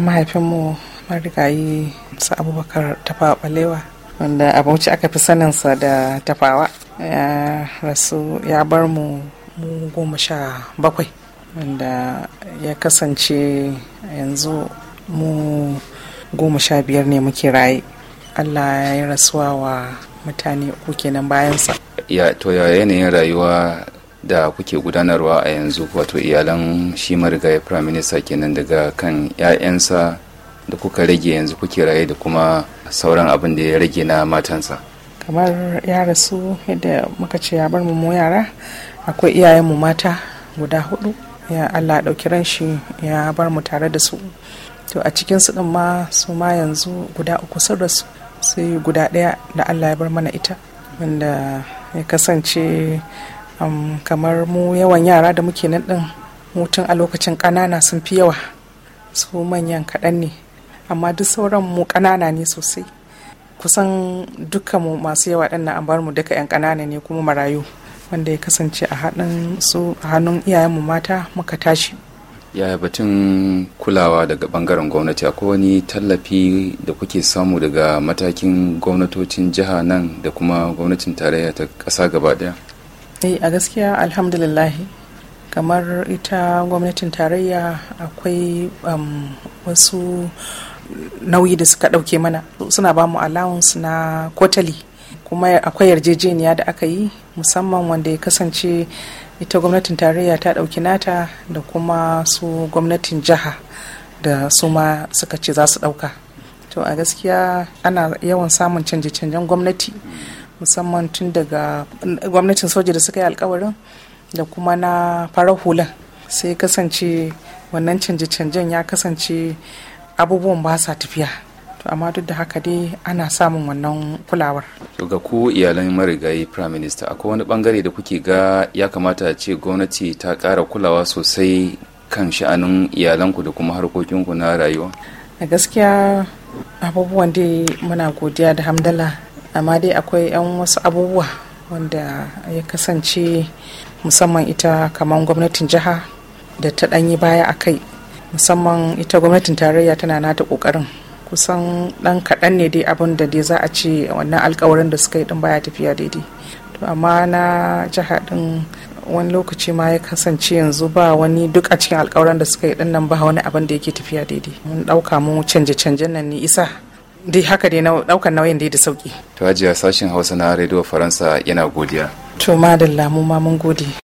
mahaifinmu yi su abubakar tafawa balewa wanda abinci aka fi saninsa da tafawa ya rasu ya bar mu mu goma sha bakwai wanda ya kasance yanzu mu goma sha biyar ne muke raye allah ya yi rasuwa wa mutane uku kenan bayansa ya to ya yanayin rayuwa da kuke gudanarwa a yanzu wato iyalan shi riga prime minister kenan daga kan 'ya'yansa da kuka rage yanzu kuke raye da kuma sauran abin da ya rage na matansa kamar ya rasu yadda muka ce ya bar mu yara akwai iyayenmu mata guda hudu ya allah ɗauki ran shi ya bar mu tare da su to a cikin su ma su ma yanzu guda uku sun rasu sai guda ɗaya da allah ya bar mana ita wanda ya kasance kamar mu yawan yara da muke nan din mutum a lokacin ƙanana sun fi yawa su manyan kaɗan ne amma duk sauran mu ƙanana ne sosai kusan dukkanmu masu yawa din na ambar mu duka 'yan ƙanana ne kuma marayu wanda ya kasance a hannun su a hannun iyayen mu mata muka tashi yaya batun kulawa daga bangaren gwamnati akwai wani tallafi da kuke samu daga matakin gwamnatocin jiha nan da kuma gwamnatin tarayya ta ƙasa gaba ɗaya eh a gaskiya alhamdulillahi kamar ita gwamnatin tarayya akwai um, wasu nauyi da suka ɗauke mana suna bamu mu allowance na kotali kuma akwai yarjejeniya da aka yi musamman wanda ya kasance ita gwamnatin tarayya ta ɗauki nata da kuma su gwamnatin jiha da su ma suka ce za su ɗauka to a gaskiya ana yawan samun canje-canjen gwamnati musamman tun daga gwamnatin soja da suka yi alkawarin da kuma na farar hula sai kasance wannan canje-canjen ya kasance abubuwan ba sa tafiya to amma duk da haka dai ana samun wannan kulawar ga ku iyalan marigayi prime minister akwai wani bangare da kuke ga ya kamata a ce gwamnati ta kara kulawa sosai kan sha'anin iyalanku da kuma harkokinku na rayuwa a gaskiya abubuwan dai muna godiya da hamdala amma dai akwai 'yan wasu abubuwa wanda ya kasance musamman ita kamar gwamnatin jiha da ta ɗanyi baya a kai musamman ita gwamnatin tarayya tana nata ƙoƙarin kusan ɗan kaɗan ne dai abin da dai za a ce wannan alkawarin da suka yi ɗin baya tafiya daidai to amma na jiha ɗin wani lokaci ma ya kasance yanzu ba wani duk a cikin alkawarin da suka yi ɗin nan ba wani abin da yake tafiya daidai mun ɗauka mu canje-canjen nan ne isa dai haka dai na daukan nauyin dai da sauki to hajiya sashin hausa na rediyo faransa yana godiya to madalla mu ma mun gode